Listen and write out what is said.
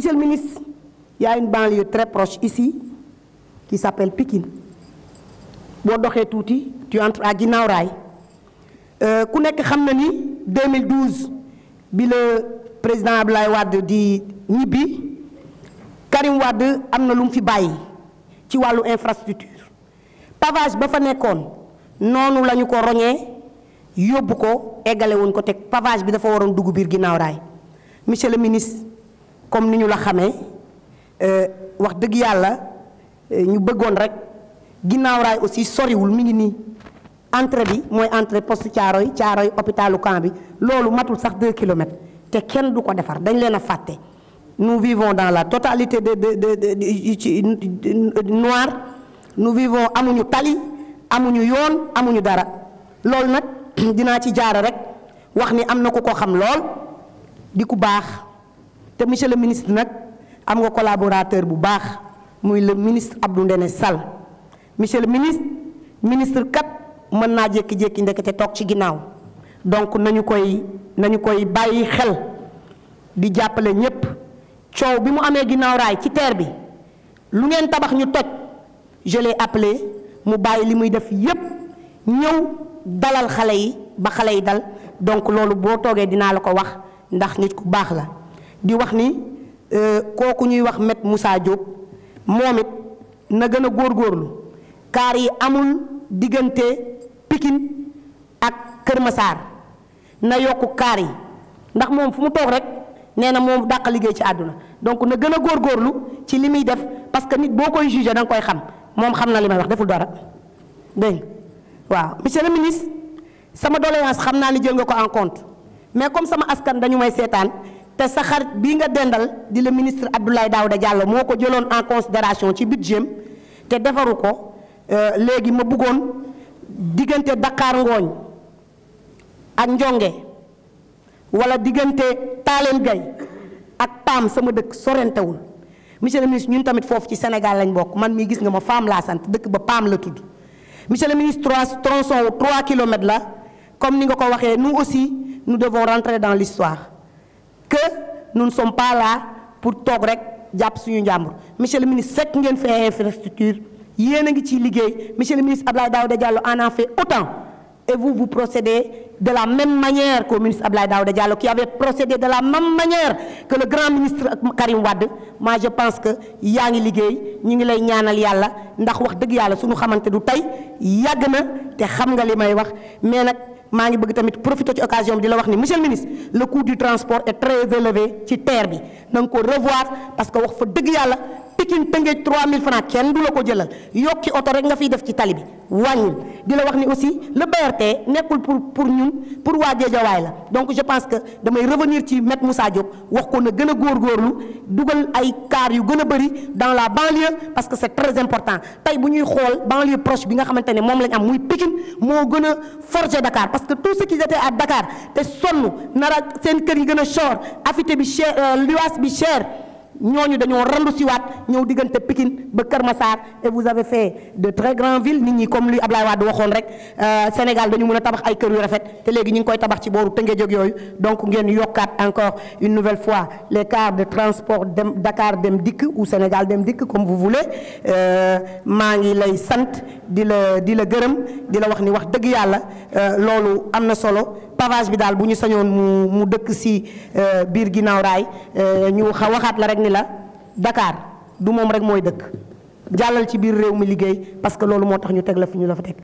Monsieur le ministre, il y a une banlieue très proche ici qui s'appelle Pikine. boo doxee tuuti tu entres à ginnaaw raay euh, ku nekk xam na ni 2012 bi la président Abdoulaye wadd di ñibbi Karim Wade am na lu mu fi bàyyi ci wàllu infrastructure pavage ba fa nekkoon noonu la ko roñee yóbbu ko eggale woon ko teg pavage bi dafa waroon dugg biir ginnaaw raay monsieur ministre comme ni ñu la xamee euh, wax dëgg yàlla euh, ñu bëggoon rek ginnaaw raay aussi soriwul mi ngi nii entrée bi mooy entrée poste Thiaroye Thiaroye hôpitalu camp bi loolu matul sax 2 kilomètres te kenn du ko defar dañ leen a fàtte nous vivons dans la totalité de de de de noir nous vivons amuñu tali amuñu yoon amuñu dara loolu nag dinaa ci jaara rek wax ni am na ku ko xam lool di ku baax. te monsieur le ministre nag am nga collaborateur bu baax muy le ministre Abdou Ndene Sall monsieur le ministre ministre kat mën naa jékki-jékki ndekete toog ci ginnaaw donc nañu koy nañu koy bàyyi xel di jàppale ñépp coow bi mu amee ginnaaw raay ci teer bi lu ngeen tabax ñu toj je apple mu bàyyi li muy def yépp ñëw dalal xale yi ba xale yi dal donc loolu boo toogee dinaa la ko wax ndax nit ku baax la di wax ni euh, kooku ñuy wax met Moussa Diop moom it na gën a góorlu kaar yi amul diggante Pikine ak Kër Masaar na yokk kaar yi ndax moom fu mu toog rek nee na moom dàq liggéey ci àdduna donc na gën a góorgóorlu ci li muy def parce que nit boo koy jugé da nga koy xam moom xam na li may wax deful dara dégg waaw monsieur le sama doléance xam naa ni jël nga ko en compte mais comme sama askan dañu may seetaan. te sa xarit bii nga dendal di la ministre daaw de Diallo moo ko jëloon en considération ci budget te defaru ko euh, léegi ma buggoon diggante Dakar ngooñ ak Njonge wala diggante Taaleen Gay ak PAM sama dëkk sorentewul monsieur le ministre ñun tamit foofu ci Sénégal lañ bokk man mi gis nga ma femme laa sant dëkk ba PAM la tudd monsieur le ministre trois tronçon wu 3 la comme ni nga ko waxee nu aussi nu devons rentrer dans l'histoire nous ne sommes pas là pour toog rek jàpp suñu njàmbur monsieur le ministre fekk ngeen fi ay infrastructure yéen a ngi ciy liggéey monsieur le ministre Abdoulaye Daouda Diallo en a fait autant et vous vous procédez de la même manière qu'au ministre Abdoulaye Daouda Diallo qui avait procédé de la même manière que le grand ministre Karim Wade moi je pense que yaa ngi liggéey ñu ngi lay ñaanal yàlla ndax wax dëgg yàlla suñu xamante du tey yàgg na te xam nga li may wax mais nag maa ngi bëgg tamit profiter ci occasion bi di la wax ni monsieur le ministre le coût du transport est très élevé ci TER bi na ko revoir parce que wax fa dëgg yàlla Pikine Tëngéej 3000 francs kenn du la ko jëlal yokki oto rek nga fiy def ci tali bi wàññil di la wax ni aussi le BRT nekkul pour pour ñun pour waa Géejawaay la donc je pense que damay revenir ci Maître Moussa Diop wax ko na gën a góor góorgóorlu dugal ay car yu gën a bëri dans la banlieue parce que c'est très important tey bu ñuy xool banlieue proche bi nga xamante ne moom lañ am muy Pikine moo gën a forger Dakar parce que tout ce qui était à Dakar te seen kër yi gën a cher affité bi cher euh, luwaas bi cher ñooñu dañoo randu siwaat ñëw diggante pikin ba Kër Massar et vous avez fait de très grandes villes nit ñi comme li Ablaye Wade waxoon rek euh, Sénégal dañu mun a tabax ay kër yu rafet te léegi ñu ngi koy tabax ci booru Tëngéej ak yooyu donc ngeen yokkaat encore une nouvelle fois les cars de transport dem Dakar dem dikk ou Sénégal dem dikk comme vous voulez euh, maa ngi lay sant di la di la gërëm di la wax ni wax dëgg yàlla euh, loolu am na solo. pavage bi daal bu ñu sañoon mu dëkk si euh, biir ginnaaw raay euh, ñu waxaat la rek ni la dakaar du moom rek mooy dëkk jàllal ci biir réew mi liggéey parce que loolu moo tax ñu teg la fi ñu la fa teg